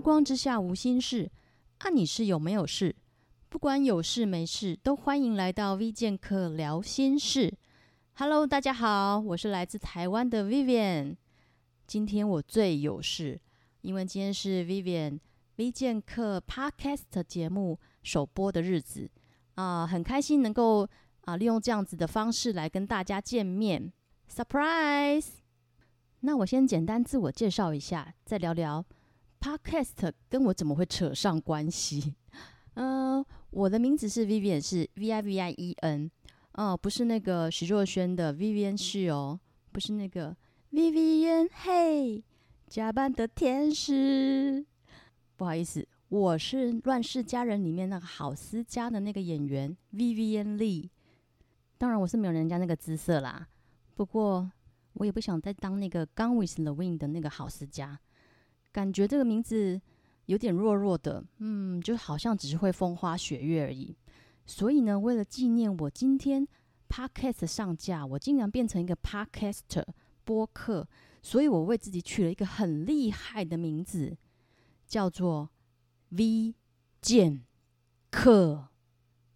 光之下無心事啊，你是有沒有事？不管有事沒事，都歡迎來到 V 劍客聊心事。Hello，大家好，我是來自台灣的 Vivian。今天我最有事，因為今天是 Vivian V 劍客 Podcast 節目首播的日子啊、呃，很開心能夠啊、呃、利用這樣子的方式來跟大家見面。Surprise！那我先簡單自我介紹一下，再聊聊。Podcast 跟我怎麼會扯上關係？嗯、uh，我的名字是 Vivien，是 V I V I E N，哦，不是那個徐若瑄的 Vivien，是、hey, 哦，不是那個 Vivien。嘿，假扮的天使，不好意思，我是《亂世佳人》裡面那個郝思嘉的那個演員 Vivien Leigh。當然，我是沒有人家那個姿色啦，不過我也不想再當那個 Gone with the Wind 的那個郝思嘉。感覺這個名字有點弱弱的，嗯，就好像只是會風花雪月而已。所以呢，為了紀念我今天 podcast 上架，我竟然變成一個 podcaster 播客，所以我為自己取了一個很厲害的名字，叫做 V 劍客。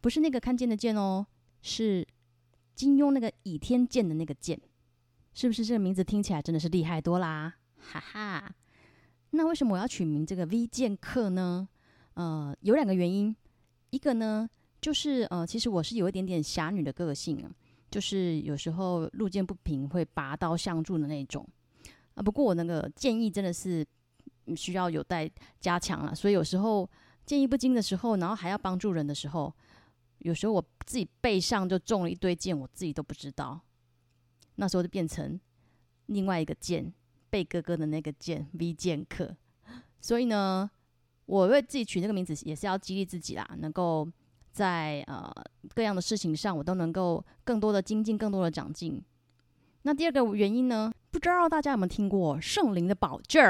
不是那個看見的見哦，是金庸那個倚天劍的那個劍。是不是這個名字聽起來真的是厲害多啦？哈哈。那為什麼我要取名這個 V 劍客呢？呃，有兩個原因。一個呢，就是呃，其實我是有一點點俠女的個性啊，就是有時候路見不平會拔刀相助的那一種啊。不過我那個劍藝真的是需要有待加強了，所以有時候劍藝不精的時候，然後還要幫助人的時候，有時候我自己背上就中了一堆劍，我自己都不知道，那時候就變成另外一個劍。被哥哥的那個劍 V 劍客，所以呢，我為自己取這個名字，也是要激勵自己啦，能夠在呃各樣的事情上，我都能夠更多的精進，更多的長進。那第二個原因呢，不知道大家有沒有聽過聖靈的寶劍？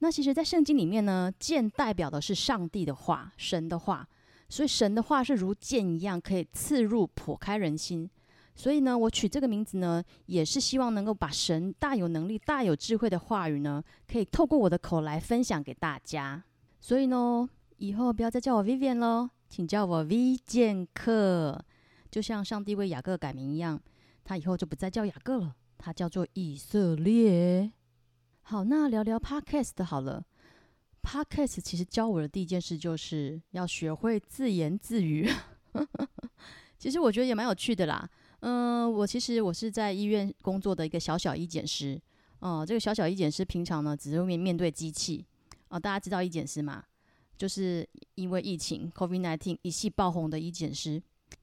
那其實，在聖經裡面呢，劍代表的是上帝的話，神的話，所以神的話是如劍一樣，可以刺入、剖開人心。所以呢，我取這個名字呢，也是希望能夠把神大有能力、大有智慧的話語呢，可以透過我的口來分享給大家。所以呢，以後不要再叫我 Vivian 咯，請叫我 V 劍客。就像上帝為雅各改名一樣，他以後就不再叫雅各了，他叫做以色列。好，那聊聊 Podcast 好了。Podcast 其實教我的第一件事，就是要學會自言自語。 其實我覺得也蠻有趣的啦。嗯、呃，我其實我是在醫院工作的一個小小醫檢師。哦、呃，這個小小醫檢師平常呢，只是面面對機器。哦、呃，大家知道醫檢師嗎？就是因為疫情 COVID-19 一夕爆紅的醫檢師，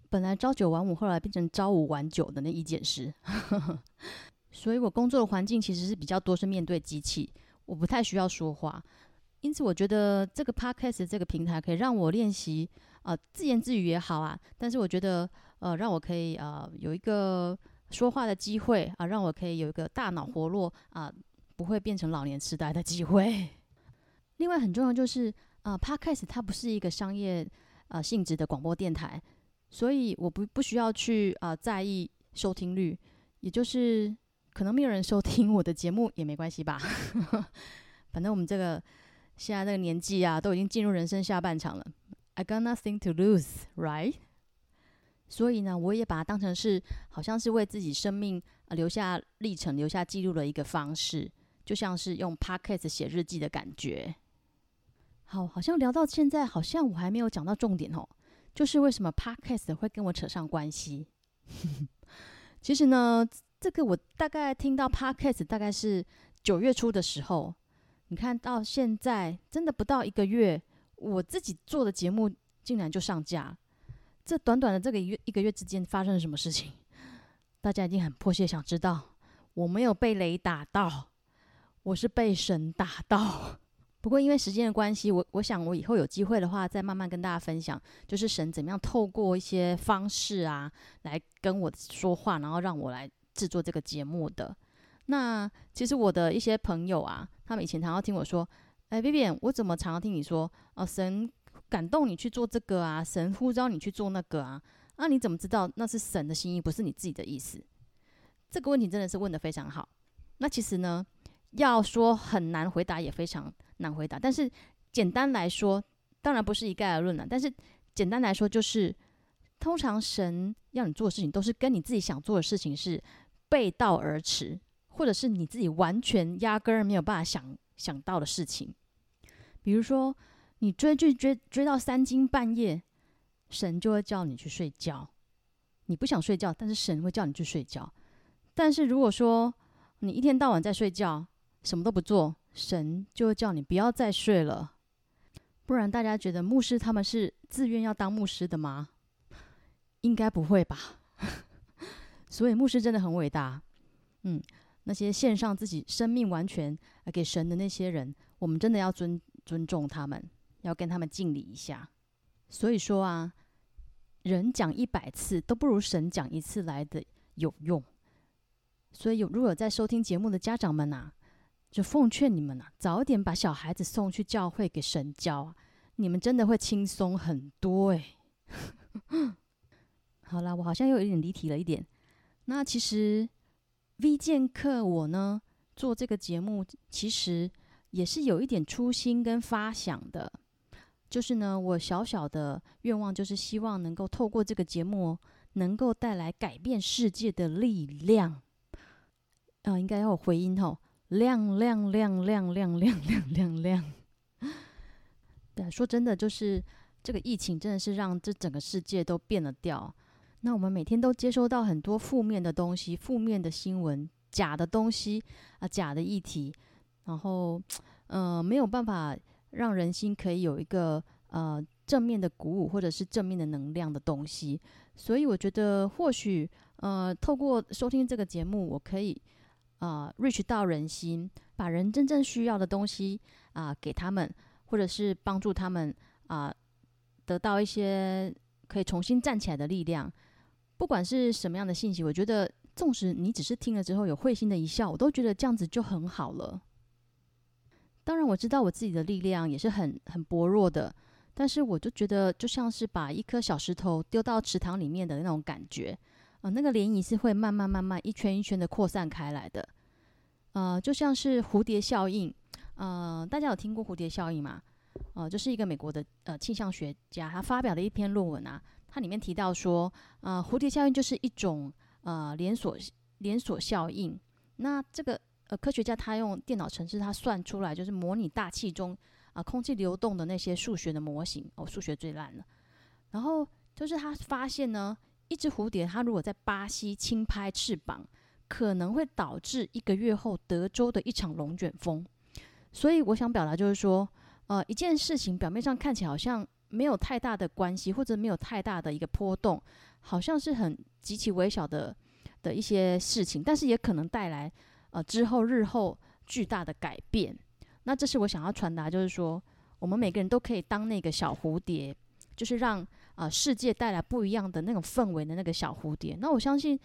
本來朝九晚五，後來變成朝五晚九的那醫檢師呵呵。所以我工作的環境其實是比較多是面對機器，我不太需要說話。因此，我覺得這個 podcast 這個平台可以讓我練習，呃，自言自語也好啊。但是，我覺得。呃，讓我可以啊、呃、有一個說話的機會啊、呃，讓我可以有一個大腦活絡啊、呃，不會變成老年癡呆的機會。另外很重要就是啊 Podcast 它不是一個商業啊、呃、性質的廣播電台，所以我不不需要去啊、呃、在意收聽率，也就是可能沒有人收聽我的節目也沒關係吧。 反正我們這個現在這個年紀啊，都已經進入人生下半場了，I got nothing to lose, right? 所以呢，我也把它當成是，好像是為自己生命留下歷程、留下記錄的一個方式，就像是用 Podcast 寫日記的感覺。好，好像聊到現在，好像我還沒有講到重點哦，就是為什麼 Podcast 會跟我扯上關係。 其實呢，這個我大概聽到 Podcast 大概是九月初的時候，你看到現在真的不到一個月，我自己做的節目竟然就上架。這短短的這個月一個月之間發生了什麼事情，大家一定很迫切想知道。我沒有被雷打到，我是被神打到。不過因為時間的關係，我我想我以後有機會的話，再慢慢跟大家分享，就是神怎麼樣透過一些方式啊，來跟我說話，然後讓我來制作這個節目的。那其實我的一些朋友啊，他們以前常常聽我說，哎，Vivian，我怎麼常常聽你說，啊神。感動你去做這個啊，神呼召你去做那個啊，那、啊、你怎麼知道那是神的心意，不是你自己的意思？這個問題真的是問得非常好。那其實呢，要說很難回答也非常難回答，但是簡單來說，當然不是一概而論了。但是簡單來說，就是通常神要你做的事情，都是跟你自己想做的事情是背道而馳，或者是你自己完全壓根兒沒有辦法想想到的事情，比如說。你追劇追追到三更半夜，神就會叫你去睡覺。你不想睡覺，但是神會叫你去睡覺。但是如果說你一天到晚在睡覺，什麼都不做，神就會叫你不要再睡了。不然大家覺得牧師他們是自願要當牧師的嗎？應該不會吧。 所以牧師真的很偉大。嗯，那些獻上自己生命完全給神的那些人，我們真的要尊尊重他們。要跟他們敬禮一下，所以說啊，人講一百次都不如神講一次來的有用。所以有如果有在收聽節目的家長們啊，就奉勸你們吶、啊，早一點把小孩子送去教會給神教啊，你們真的會輕鬆很多誒、欸。 好啦，我好像又有一點離題了一點。那其實 V 健客我呢做這個節目，其實也是有一點初心跟發想的。就是呢，我小小的願望就是希望能夠透過這個節目，能夠帶來改變世界的力量。啊、呃，應該要有回音吼，亮亮亮亮亮亮亮亮。 說真的，就是這個疫情真的是讓這整個世界都變了調。那我們每天都接收到很多負面的東西，負面的新聞、假的東西啊、呃、假的議題，然後嗯、呃，沒有辦法。讓人心可以有一個呃正面的鼓舞，或者是正面的能量的東西，所以我覺得或許呃透過收聽這個節目，我可以啊、呃、reach 到人心，把人真正需要的東西啊、呃、給他們，或者是幫助他們啊、呃、得到一些可以重新站起來的力量。不管是什麼樣的信息，我覺得縱使你只是聽了之後有會心的一笑，我都覺得這樣子就很好了。當然我知道我自己的力量也是很很薄弱的，但是我就覺得就像是把一顆小石頭丟到池塘裡面的那種感覺，呃，那個漣漪是會慢慢慢慢一圈一圈的擴散開來的，呃，就像是蝴蝶效應，呃，大家有聽過蝴蝶效應嗎？呃，就是一個美國的呃氣象學家他發表的一篇論文啊，他裡面提到說，呃，蝴蝶效應就是一種呃連鎖連鎖效應，那這個。呃，科學家他用電腦程式，他算出來就是模擬大氣中啊空氣流動的那些數學的模型。哦，數學最爛了。然後就是他發現呢，一隻蝴蝶它如果在巴西輕拍翅膀，可能會導致一個月後德州的一場龍捲風。所以我想表達就是說，呃，一件事情表面上看起來好像沒有太大的關係，或者沒有太大的一個波動，好像是很極其微小的的一些事情，但是也可能帶來。呃，之後日後巨大的改變，那這是我想要傳達，就是說，我們每個人都可以當那個小蝴蝶，就是讓啊、呃、世界帶來不一樣的那種氛圍的那個小蝴蝶。那我相信，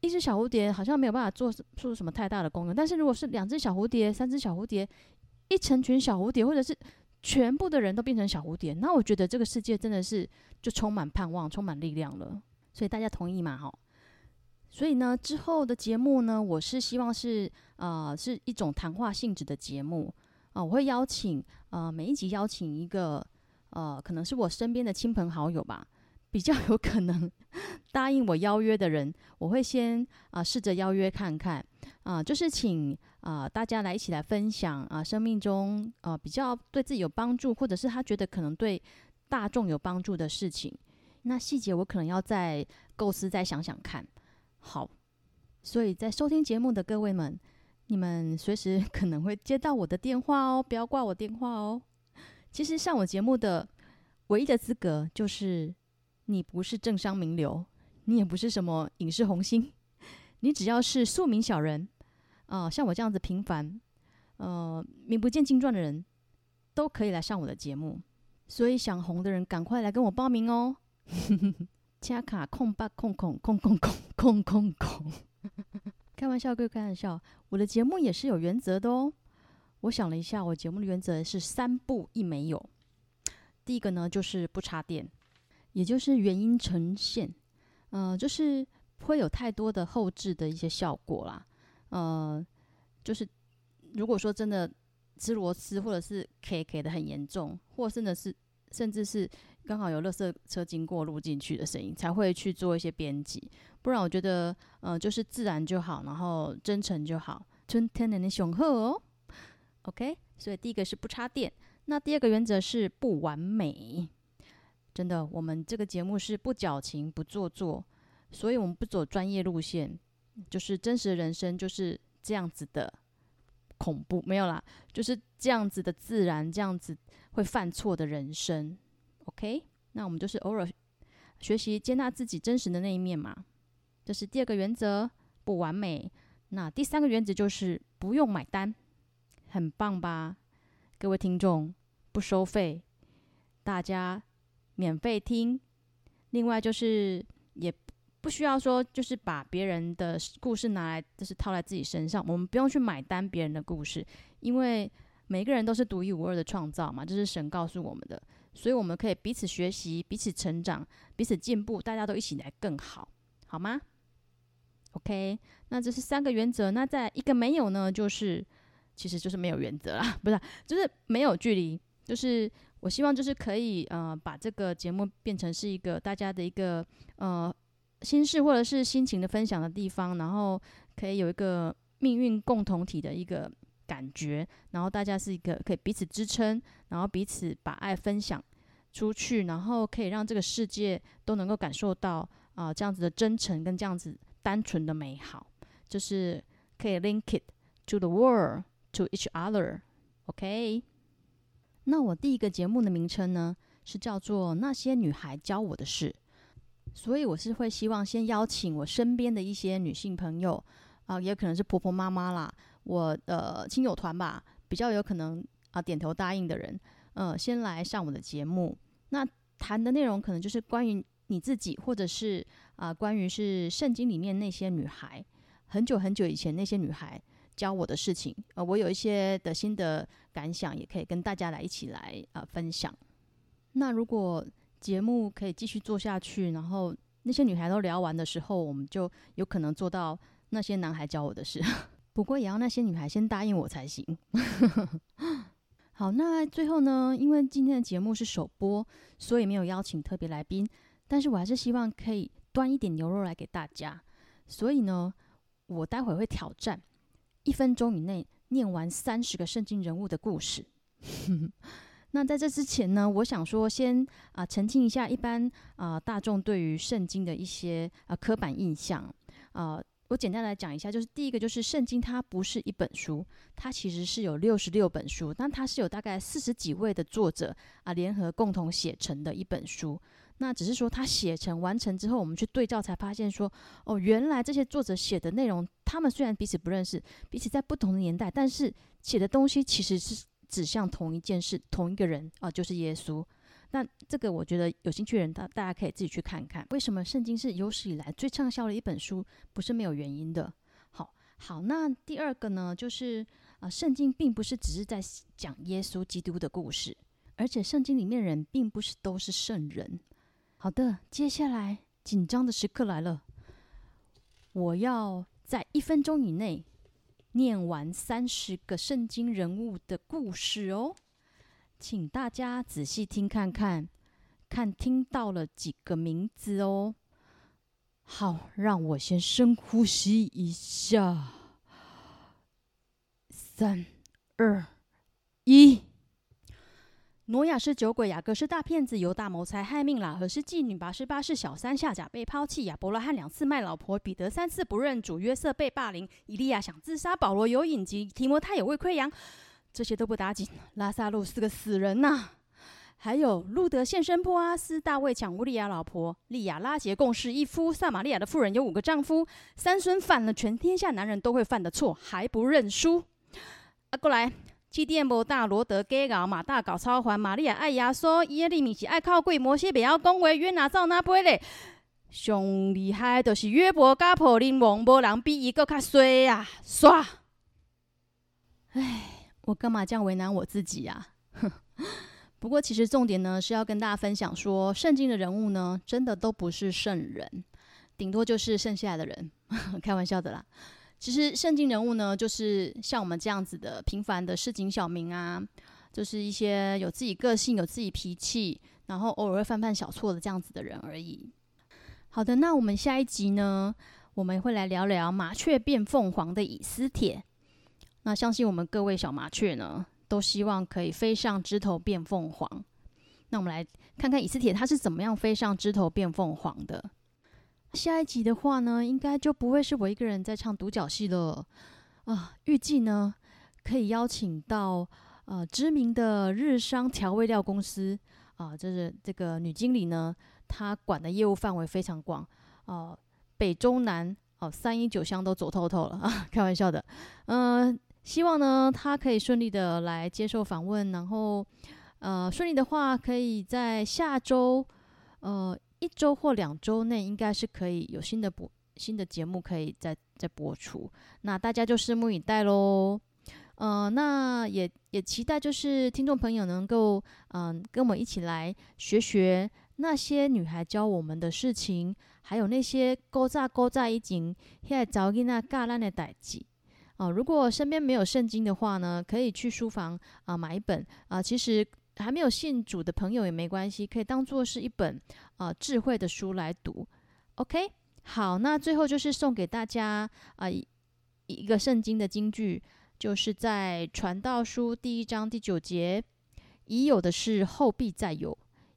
一隻小蝴蝶好像沒有辦法做出什麼太大的功能，但是如果是兩隻小蝴蝶，三隻小蝴蝶，一成群小蝴蝶，或者是全部的人都變成小蝴蝶，那我覺得這個世界真的是就充滿盼望，充滿力量了。所以大家同意嗎？哈？所以呢，之後的節目呢，我是希望是啊、呃，是一種談話性質的節目啊、呃。我會邀請啊、呃，每一集邀請一個呃，可能是我身邊的親朋好友吧，比較有可能 答應我邀約的人，我會先啊試着邀約看看啊、呃，就是請啊、呃、大家來一起來分享啊、呃，生命中啊、呃、比較對自己有幫助，或者是他覺得可能對大眾有幫助的事情。那細節我可能要再構思，再想想看。好，所以在收聽節目的各位們，你們隨時可能會接到我的電話哦，不要掛我電話哦。其實上我節目的唯一的資格就是你不是政商名流，你也不是什麼影視紅星，你只要是庶民小人，啊、呃，像我這樣子平凡，呃，名不見經傳的人，都可以來上我的節目。所以想紅的人，趕快來跟我報名哦。 插卡空吧空空空空空空空，開玩笑歸開玩笑，我的節目也是有原則的哦。我想了一下，我節目的原則是三不一沒有。第一個呢，就是不插電，也就是原音呈現，嗯、呃，就是不會有太多的後製的一些效果啦。呃，就是如果說真的，吃螺絲或者是給給的很嚴重，或甚至是甚至是。剛好有垃圾車經過，錄進去的聲音才會去做一些編輯，不然我覺得，嗯、呃，就是自然就好，然後真誠就好。春天的雄鶴哦，OK。所以第一個是不插電，那第二個原則是不完美。真的，我們這個節目是不矯情、不做作，所以我們不走專業路線，就是真實的人生就是這樣子的恐怖，沒有啦，就是這樣子的自然，這樣子會犯錯的人生。OK，那我們就是偶爾學習接納自己真實的那一面嘛。這是第二個原則，不完美。那第三個原則就是不用買單，很棒吧，各位聽眾，不收費，大家免費聽。另外就是也不需要說，就是把別人的故事拿來，就是套在自己身上。我們不用去買單別人的故事，因為每個人都是獨一無二的創造嘛。這是神告訴我們的。所以我們可以彼此學習、彼此成長、彼此進步，大家都一起來更好，好嗎？OK，那這是三個原則。那再一個沒有呢，就是其實就是沒有原則啦，不是，就是沒有距離。就是我希望就是可以呃，把這個節目變成是一個大家的一個呃心事或者是心情的分享的地方，然後可以有一個命運共同體的一個。感覺，然後大家是一個可以彼此支撐，然後彼此把愛分享出去，然後可以讓這個世界都能夠感受到啊、呃、這樣子的真誠跟這樣子單純的美好，就是可以 link it to the world to each other。OK，那我第一個節目的名稱呢是叫做《那些女孩教我的事》，所以我是會希望先邀請我身邊的一些女性朋友啊、呃，也可能是婆婆媽媽啦。我的親友團吧，比較有可能啊點頭答應的人，嗯、呃，先來上我的節目。那談的內容可能就是關於你自己，或者是啊、呃、關於是聖經裡面那些女孩，很久很久以前那些女孩教我的事情，呃，我有一些的心得感想，也可以跟大家來一起來啊、呃、分享。那如果節目可以繼續做下去，然後那些女孩都聊完的時候，我們就有可能做到那些男孩教我的事。不過也要那些女孩先答應我才行。 好，那最後呢，因為今天的節目是首播，所以沒有邀請特別來賓。但是我還是希望可以端一點牛肉來給大家。所以呢，我待會會挑戰一分鐘以內念完三十個聖經人物的故事。 那在這之前呢，我想說先啊、呃、澄清一下，一般啊、呃、大眾對於聖經的一些啊、呃、刻板印象啊。呃我簡單來講一下，就是第一個，就是聖經它不是一本書，它其實是有六十六本書，但它是有大概四十幾位的作者啊聯合共同寫成的一本書。那只是說它寫成完成之後，我們去對照才發現說，哦，原來這些作者寫的內容，他們雖然彼此不認識，彼此在不同的年代，但是寫的東西其實是指向同一件事、同一個人啊，就是耶穌。那這個我覺得有興趣的人，大大家可以自己去看看，為什麼聖經是有史以來最暢銷的一本書，不是沒有原因的。好好，那第二個呢，就是啊、呃，聖經並不是只是在講耶穌基督的故事，而且聖經裡面人並不是都是聖人。好的，接下來緊張的時刻來了，我要在一分鐘以內念完三十個聖經人物的故事哦。請大家仔細聽，看看看聽到了幾個名字哦。好，讓我先深呼吸一下。三、二、一。挪亞是酒鬼，雅各是大騙子，猶大謀財害命了，喇合是妓女，拔示巴是小三，夏甲被拋棄，亞伯拉罕兩次賣老婆，彼得三次不認主，約瑟被霸凌，以利亞想自殺，保羅有隱疾，提摩太有胃潰瘍。這些都不打緊，拉撒路是個死人吶、啊。還有路得獻身波阿斯，大衛搶烏利亞老婆。利亞拉結共侍一夫，撒瑪利亞的婦人有五個丈夫。參孫犯了全天下男人都會犯的錯，還不認輸。啊，過來！基甸搏大羅得，加敖馬大搞超環，瑪利亞愛亞索耶利米是愛哭鬼，摩西不要恭維約拿走那背嘞。上厲害就是約伯加抱檸檬，無人比伊擱較衰啊！唰，唉。我幹嘛這樣為難我自己啊？ 不過其實重點呢，是要跟大家分享說，聖經的人物呢，真的都不是聖人，頂多就是剩下的人， 開玩笑的啦。其實聖經人物呢，就是像我們這樣子的平凡的市井小民啊，就是一些有自己個性、有自己脾氣，然後偶爾犯犯犯小錯的這樣子的人而已。好的，那我們下一集呢，我們會來聊聊麻雀變鳳凰的以斯帖。那相信我們各位小麻雀呢，都希望可以飛上枝頭變鳳凰。那我們來看看以斯帖他是怎麼樣飛上枝頭變鳳凰的。下一集的話呢，應該就不會是我一個人在唱獨角戲了啊。預計呢，可以邀請到呃知名的日商調味料公司啊，就是這個女經理呢，她管的業務範圍非常廣哦，啊，北中南哦，三一九鄉都走透透了啊，開玩笑的，嗯、呃。希望呢，他可以順利的來接受訪問，然後，呃，順利的話，可以在下周，呃，一周或兩周內，應該是可以有新的播，新的節目可以再再播出。那大家就拭目以待嘍。呃，那也也期待就是聽眾朋友能夠嗯、呃，跟我們一起來學學那些女孩教我們的事情，還有那些古早古早以前現在找給那嫁難的代志。啊、呃，如果身邊沒有聖經的話呢，可以去書房啊、呃、買一本啊、呃。其實還沒有信主的朋友也沒關係，可以當作是一本啊、呃、智慧的書來讀。OK，好，那最後就是送給大家啊一、呃、一個聖經的金句，就是在傳道書第一章第九節：已有的事，後必再有；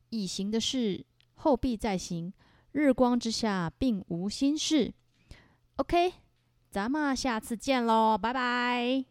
已行的事，後必再行。日光之下並無新事。OK。咱們下次見嘍，拜拜。